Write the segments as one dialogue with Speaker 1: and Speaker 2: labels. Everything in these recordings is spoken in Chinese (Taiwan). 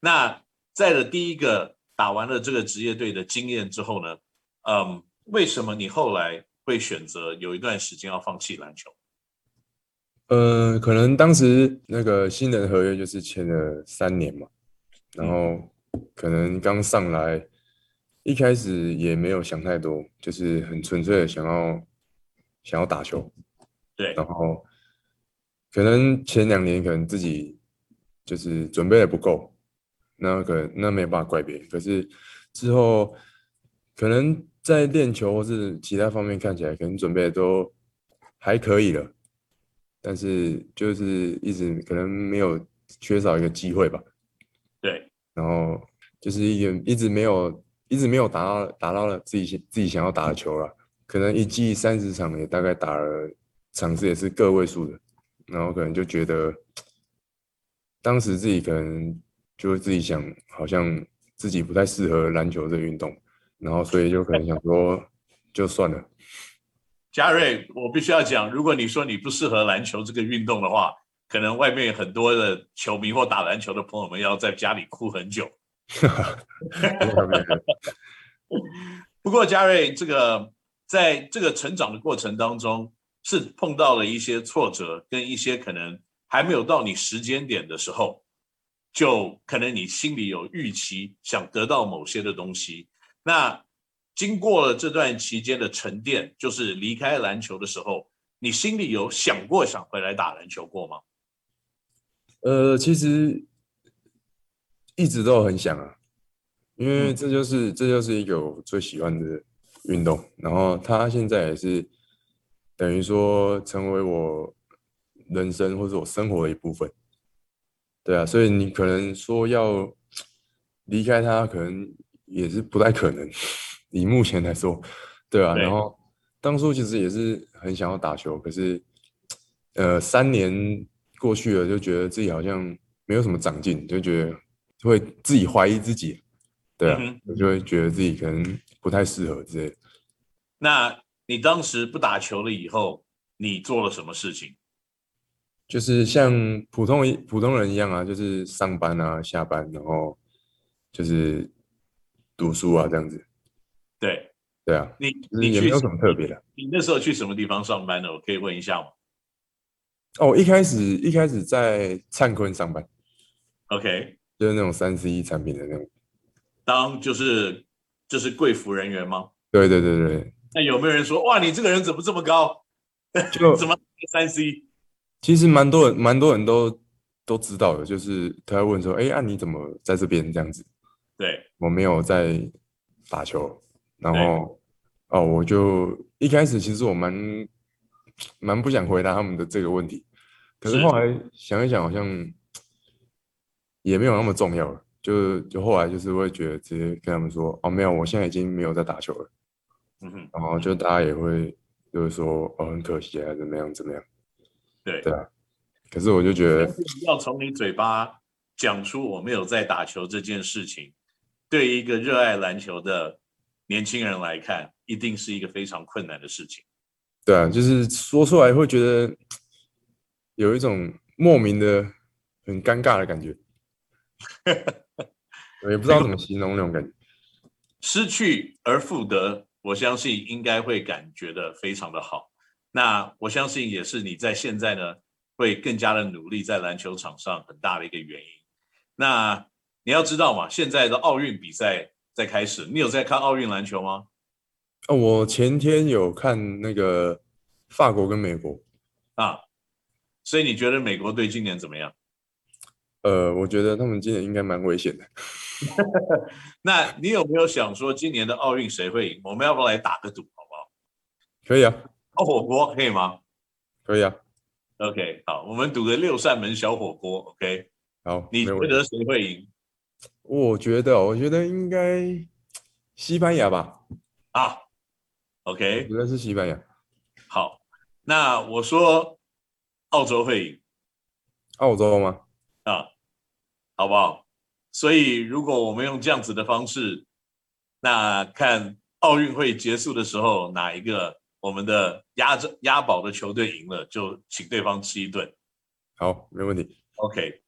Speaker 1: 那在了第一個打完了這個職業隊的經驗之後呢，嗯，為什麼你後來會選擇有一段時間要放棄籃球？嗯、
Speaker 2: 呃，可能當時那個新人合約就是簽了三年嘛，然後可能剛上來、嗯、一開始也沒有想太多，就是很純粹的想要想要打球，對，然後可能前兩年可能自己就是準備的不夠。那可，那沒辦法怪別人，可是之後可能在練球或是其他方面看起來，可能準備的都還可以了，但是就是一直可能沒有缺少一個機會吧。
Speaker 1: 對，然
Speaker 2: 後就是一個一直沒有一直沒有達到達到了自己自己想要打的球了，可能一季三十場也大概打了場次也是個位數的，然後可能就覺得當時自己可能。就自己想，好像自己不太適合籃球這個運動，然後所以就可能想說，就算了。
Speaker 1: 家 瑞，我必須要講，如果你說你不適合籃球這個運動的話，可能外面很多的球迷或打籃球的朋友們要在家裡哭很久。 不過家瑞，這個在這個成長的過程當中，是碰到了一些挫折，跟一些可能還沒有到你時間點的時候。就可能你心裡有預期，想得到某些的東西。那經過了這段期間的沉澱，就是離開籃球的時候，你心裡有想過想回來打籃球過嗎？
Speaker 2: 呃，其實一直都很想啊，因為這就是、嗯、這就是一個我最喜歡的運動，然後他現在也是等於說成為我人生或者我生活的一部分。對啊，所以你可能說要離開他，可能也是不太可能。以目前來說，對啊，對。然後當初其實也是很想要打球，可是呃，三年過去了，就覺得自己好像沒有什麼長進，就覺得會自己懷疑自己，對啊，我、嗯、哼就會覺得自己可能不太適合之類的。
Speaker 1: 那你當時不打球了以後，你做了什麼事情？
Speaker 2: 就是像普通普通人一樣啊，就是上班啊，下班，然後就是讀書啊，這樣子。對，對啊。你你去有什麼特別的、
Speaker 1: 啊你？你那時候去什麼地方上班呢？我可以問一下嗎？
Speaker 2: 哦，一開始一開始在燦坤上班。
Speaker 1: OK，就
Speaker 2: 是那種三 C 產品的那種，
Speaker 1: 當就是就是櫃服人員嗎？
Speaker 2: 對對對對。
Speaker 1: 那有沒有人說哇，你這個人怎麼這麼高？就 怎麼三 C？
Speaker 2: 其實蠻多人，蠻多人都都知道的，就是他問說：“哎，啊，你怎麼在這邊這樣子？”對，我沒有在打球，然後對哦，我就一開始其實我蠻蠻不想回答他們的這個問題，可是後來想一想，好像也沒有那麼重要了，就就後來就是會覺得直接跟他們說：“哦，沒有，我現在已經沒有在打球了。”嗯哼，然後就大家也會就是說：“哦，很可惜啊，怎麼樣，怎麼樣？”對，可是我就覺得，
Speaker 1: 要從你嘴巴講出我沒有在打球這件事情，對一個熱愛籃球的年輕人來看，一定是一個非常困難的事情。
Speaker 2: 對啊，就是說出來會覺得有一種莫名的很尷尬的感覺，我 也不知道怎麼形容那種感覺。
Speaker 1: 失去而復得，我相信應該會感覺的非常的好。那我相信也是你在現在呢，會更加的努力在籃球場上很大的一個原因。那你要知道嘛，現在的奧運比賽在開始，你有在看奧運籃球嗎？
Speaker 2: 我前天有看那個法國跟美國
Speaker 1: 啊。所以你覺得美國
Speaker 2: 隊今年怎麼樣？呃，我覺得他們今年應該蠻危險的。
Speaker 1: 那你有沒有想說今年的奧運誰會贏？我們要不要來打個賭好不好？
Speaker 2: 可以啊。
Speaker 1: 火鍋可以嗎？
Speaker 2: 可以啊。
Speaker 1: OK，好，我們賭個六扇門小火鍋。OK，好。你覺得誰會贏？
Speaker 2: 我覺得，我覺得應該西班牙吧。
Speaker 1: 啊，OK，我覺得是西班牙。好，那我說澳洲會贏。
Speaker 2: 澳洲嗎？
Speaker 1: 啊，好不好？所以如果我們用這樣子的方式，那看奧運會結束的時候哪一個？我們的押著押寶的球隊贏了，就請對方吃一頓。好，沒問題。OK，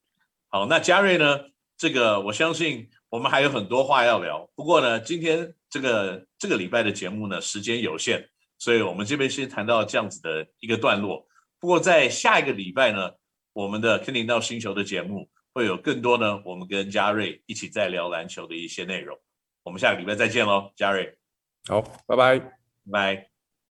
Speaker 1: 好，那家瑞呢？這個我相信我們還有很多話要聊。不過呢，今天這個這個禮拜的節目呢，時間有限，所以我們這邊先談到這樣子的一個段落。不過在下一個禮拜呢，我們的《肯尼 NOW 星球》的節目會有更多呢，我們跟家瑞一起再聊籃球的一些內容。我們下個禮拜再見嘍，家瑞。好，拜拜，拜。